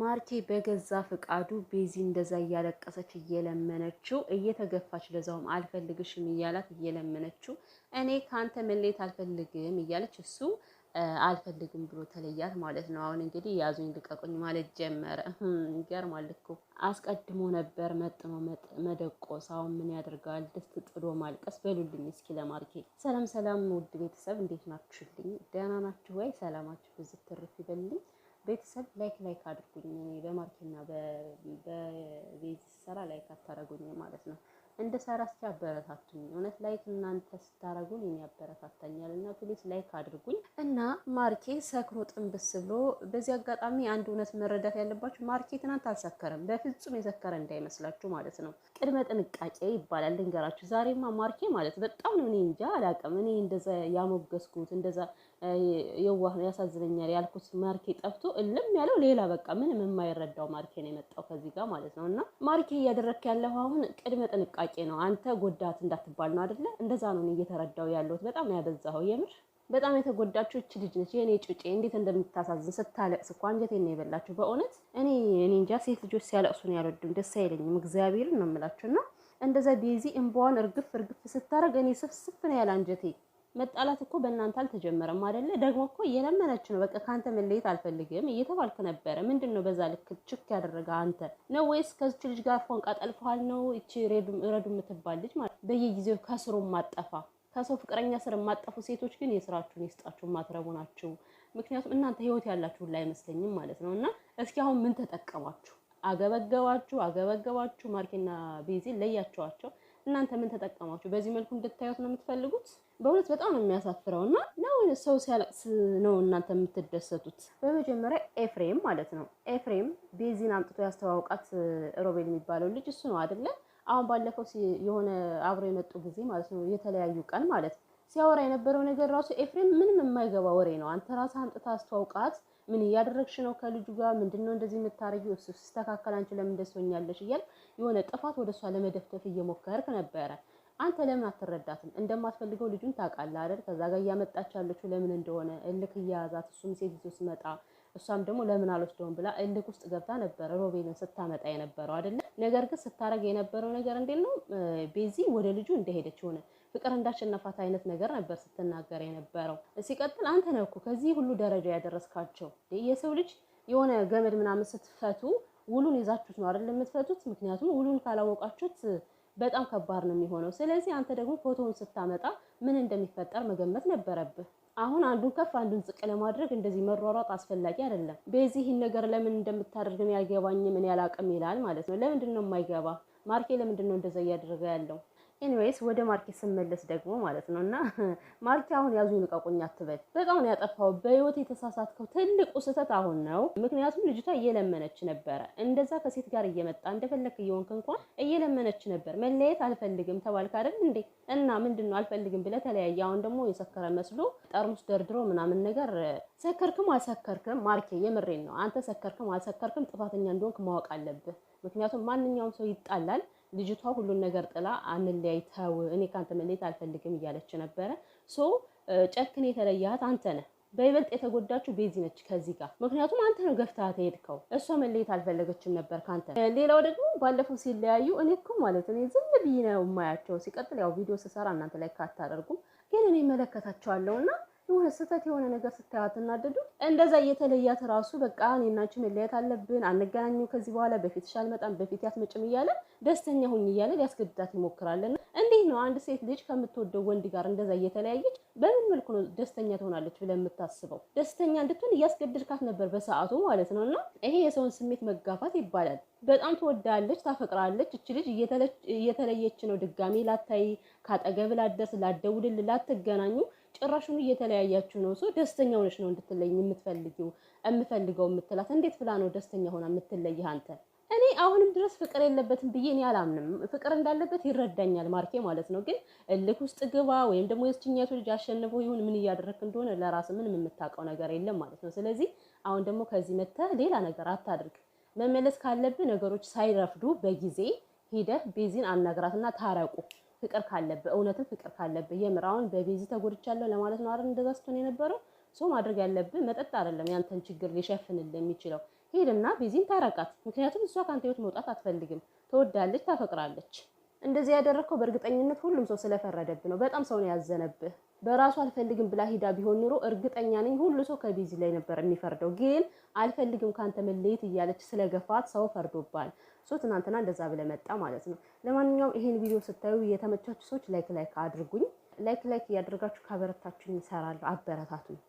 ማርኬ በገዛ ፍቃዱ ቤዚ እንደዛ እያለቀሰች እየለመነችው እየተገፋች ለዛውም አልፈልግሽም እያላት እየለመነችው እኔ ከአንተ መለየት አልፈልግም እያለች እሱ አልፈልግም ብሎ ተለያት ማለት ነው። አሁን እንግዲህ ያዙኝ ልቀቁኝ ማለት ጀመረ። ይገርማል እኮ አስቀድሞ ነበር መጥኖ መደቆስ። አሁን ምን ያደርጋል ድስት ጥዶ ማልቀስ። በሉልኝ እስኪ ለማርኬ። ሰላም ሰላም፣ ውድ ቤተሰብ እንዴት ናችሁልኝ? ደህና ናችሁ ወይ? ሰላማችሁ ብዝት ትርፍ ይበልኝ። ቤተሰብ ላይክ ላይክ አድርጉኝ። በማርኬና በቤት ስሰራ ላይክ አታረጉኝ ማለት ነው። እንደ ሰራ እስኪ አበረታቱኝ። እውነት ላይክ እናንተ ስታረጉኝ እኔ ያበረታታኛል እና ፕሊስ ላይክ አድርጉኝ እና ማርኬ ሰክሮ ጥንብስ ብሎ። በዚህ አጋጣሚ አንድ እውነት መረዳት ያለባችሁ ማርኬ ትናንት አልሰከረም፣ በፍጹም የሰከረ እንዳይመስላችሁ ማለት ነው። ቅድመ ጥንቃቄ ይባላል። ልንገራችሁ፣ ዛሬማ ማርኬ ማለት በጣም ነው እኔ እንጃ አላውቅም። እኔ እንደዛ ያሞገስኩት እንደዛ የዋህ ያሳዝነኛል ያልኩት ማርኬ ጠፍቶ እልም ያለው ሌላ በቃ ምንም የማይረዳው ማርኬ ነው የመጣው ከዚህ ጋር ማለት ነው። እና ማርኬ እያደረግክ ያለው አሁን ቅድመ ጥንቃቄ ነው። አንተ ጎዳት እንዳትባል ነው አደለ? እንደዛ ነው እየተረዳው ያለሁት። በጣም ነው ያበዛኸው የምር በጣም የተጎዳችው እች ልጅ ነች። የእኔ ጩጬ እንዴት እንደምታሳዝን ስታለቅስ እኮ አንጀቴን ነው የበላችሁ በእውነት እኔ እኔ እንጃ ሴት ልጆች ሲያለቅሱ ነው ያልወድም ደስ አይለኝም። እግዚአብሔርን ነው የምላችሁ እና እንደዛ ቤዚ እምባዋን እርግፍ እርግፍ ስታደርግ እኔ ስፍስፍ ነው ያለ አንጀቴ መጣላት እኮ በእናንተ አልተጀመረም አይደለ? ደግሞ እኮ እየለመነች ነው። በቃ ከአንተ መለየት አልፈልግም እየተባልክ ነበረ። ምንድን ነው በዛ ልክ ችክ ያደረገ አንተ ነው ወይስ ከዚች ልጅ ጋር ፎንቃ ጠልፈሃል? ነው እቺ ረዱ የምትባል ልጅ ማለት በየጊዜው ከስሩ ማጠፋ ከሰው ፍቅረኛ ስር የማጠፉ ሴቶች ግን የስራችሁን የስጣችሁ ማትረቡ ናችሁ። ምክንያቱም እናንተ ህይወት ያላችሁ ላይ አይመስለኝም ማለት ነው። እና እስኪ አሁን ምን ተጠቀማችሁ? አገበገባችሁ አገበገባችሁ። ማርኬና ቤዚ ለያቸዋቸው። እናንተ ምን ተጠቀማችሁ? በዚህ መልኩ እንድታዩት ነው የምትፈልጉት? በእውነት በጣም ነው የሚያሳፍረው እና ነው ሰው ሲያለቅስ ነው እናንተ የምትደሰቱት። በመጀመሪያ ኤፍሬም ማለት ነው ኤፍሬም ቤዚን አምጥቶ ያስተዋውቃት ሮቤል የሚባለው ልጅ እሱ ነው አይደለ? አሁን ባለፈው የሆነ አብሮ የመጡ ጊዜ ማለት ነው የተለያዩ ቀን ማለት ነው ሲያወራ የነበረው ነገር ራሱ ኤፍሬም ምንም የማይገባ ወሬ ነው። አንተ ራስ አምጥታ አስተዋውቃት። ምን እያደረግሽ ነው? ከልጁ ጋር ምንድን ነው እንደዚህ የምታረጊው? እሱ ሲስተካከል አንቺ ለምን ደስ ሆኛለሽ? እያል የሆነ ጥፋት ወደ እሷ ለመደፍተፍ እየሞከርክ ነበረ። አንተ ለምን አትረዳትም? እንደማትፈልገው ልጁን ታውቃለህ አይደል? ከዛ ጋር እያመጣች ያለችው ለምን እንደሆነ እልክ እያያዛት እሱም ሴት ይዞ ሲመጣ እሷም ደግሞ ለምን አልወስደውም ብላ እልክ ውስጥ ገብታ ነበረ ሮቤልን ስታመጣ የነበረው አይደለ። ነገር ግን ስታረግ የነበረው ነገር እንዴት ነው ቤዚ ወደ ልጁ እንደሄደች ሆነ ፍቅር እንዳሸነፋት አይነት ነገር ነበር ስትናገር የነበረው። ሲቀጥል አንተ ነህ እኮ ከዚህ ሁሉ ደረጃ ያደረስካቸው። የሰው ልጅ የሆነ ገመድ ምናምን ስትፈቱ ውሉን ይዛችሁት ነው አይደል የምትፈቱት? ምክንያቱም ውሉን ካላወቃችሁት በጣም ከባድ ነው የሚሆነው። ስለዚህ አንተ ደግሞ ፎቶውን ስታመጣ ምን እንደሚፈጠር መገመት ነበረብህ። አሁን አንዱን ከፍ አንዱን ዝቅ ለማድረግ እንደዚህ መሯሯጥ አስፈላጊ አይደለም። በዚህ ይህን ነገር ለምን እንደምታደርግ ያልገባኝ። ምን ያላቅም ይላል ማለት ነው። ለምንድን ነው የማይገባ ማርኬ? ለምንድን ነው እንደዛ እያደረገ ያለው? ኤኒዌይስ ወደ ማርኬ ስመለስ ደግሞ ማለት ነው እና ማርኬ አሁን ያዙ ልቀቁኝ አትበል። በጣም ነው ያጠፋው። በህይወት የተሳሳትከው ትልቁ ስህተት አሁን ነው። ምክንያቱም ልጅቷ እየለመነች ነበረ፣ እንደዛ ከሴት ጋር እየመጣ እንደፈለክ እየሆንክ እንኳን እየለመነች ነበር። መለየት አልፈልግም ተባልክ አይደል እንዴ? እና ምንድን ነው አልፈልግም ብለህ ተለያየ። አሁን ደግሞ የሰከረ መስሎ ጠርሙስ ደርድሮ ምናምን ነገር። ሰከርክም አልሰከርክም ማርኬ፣ የምሬን ነው አንተ ሰከርክም አልሰከርክም ጥፋተኛ እንደሆንክ ማወቅ አለብህ። ምክንያቱም ማንኛውም ሰው ይጣላል ልጅቷ ሁሉን ነገር ጥላ አንለያይ፣ ተው እኔ ካንተ መለየት አልፈልግም እያለች ነበረ። ሶ ጨክን የተለያት አንተ ነህ። በይበልጥ የተጎዳችው ቤዚ ነች ከዚህ ጋር ምክንያቱም አንተ ነው ገፍታ ተሄድከው። እሷ መለየት አልፈለገችም ነበር ከአንተ። ሌላው ደግሞ ባለፈው ሲለያዩ እኔ እኮ ማለት እኔ ዝም ብዬ ነው የማያቸው። ሲቀጥል ያው ቪዲዮ ስሰራ እናንተ ላይ ካታደርጉም ግን እኔ እመለከታቸዋለሁና የሆነ ስህተት የሆነ ነገር ስታያት እናደዱ እንደዛ እየተለያት ራሱ በቃ እኔናችሁ መለያት አለብን፣ አንገናኝም ከዚህ በኋላ በፊትሽ አልመጣም፣ በፊት ያትመጭም እያለ ደስተኛ ሁኝ እያለ ሊያስገድዳት ይሞክራልና እንዲህ ነው አንድ ሴት ልጅ ከምትወደው ወንድ ጋር እንደዛ እየተለያየች በምን መልኩ ነው ደስተኛ ትሆናለች ብለን የምታስበው? ደስተኛ እንድትሆን እያስገድድካት ነበር በሰዓቱ ማለት ነው። እና ይሄ የሰውን ስሜት መጋፋት ይባላል። በጣም ትወዳለች፣ ታፈቅራለች። እች ልጅ እየተለየች ነው ድጋሜ ላታይ፣ ካጠገብ ላደርስ፣ ላደውልል፣ ላትገናኙ ጭራሹን እየተለያያችሁ ነው። ሰው ደስተኛ ሆነች ነው እንድትለኝ የምትፈልጊው የምፈልገው የምትላት እንዴት ብላ ነው ደስተኛ ሆና የምትለይህ አንተ? እኔ አሁንም ድረስ ፍቅር የለበትም ብዬ እኔ አላምንም። ፍቅር እንዳለበት ይረዳኛል ማርኬ ማለት ነው። ግን እልክ ውስጥ ግባ ወይም ደግሞ የስችኛቱ ልጅ አሸንፎ ይሁን ምን እያደረክ እንደሆነ ለራስ ምንም የምታውቀው ነገር የለም ማለት ነው። ስለዚህ አሁን ደግሞ ከዚህ መጥተህ ሌላ ነገር አታድርግ። መመለስ ካለብህ ነገሮች ሳይረፍዱ በጊዜ ሂደህ ቤዚን አናግራትና ታረቁ። ፍቅር ካለብህ እውነትም ፍቅር ካለብህ የምራውን አሁን በቤዚ ተጎድቻለሁ ለማለት ነው አይደል? እንደዛ ስትሆን የነበረው ሰው ማድረግ ያለብህ መጠጥ አይደለም ያንተን ችግር ሊሸፍንልህ የሚችለው። ሄድና ቤዚን ታረቃት። ምክንያቱም እሷ ከአንተ ህይወት መውጣት አትፈልግም። ትወዳለች፣ ታፈቅራለች። እንደዚህ ያደረግከው በእርግጠኝነት ሁሉም ሰው ስለፈረደብህ ነው። በጣም ሰው ነው ያዘነብህ። በራሱ አልፈልግም ብላ ሂዳ ቢሆን ኑሮ እርግጠኛ ነኝ ሁሉ ሰው ከቢዚ ላይ ነበር የሚፈርደው። ግን አልፈልግም ካንተ መለየት እያለች ስለገፋት ሰው ፈርዶባል። ሶ ትናንትና እንደዛ ብለህ መጣ ማለት ነው። ለማንኛውም ይሄን ቪዲዮ ስታዩ የተመቻችሁ ሰዎች ላይክ ላይክ አድርጉኝ። ላይክ ላይክ እያደረጋችሁ ካበረታችሁኝ እሰራለሁ። አበረታቱኝ።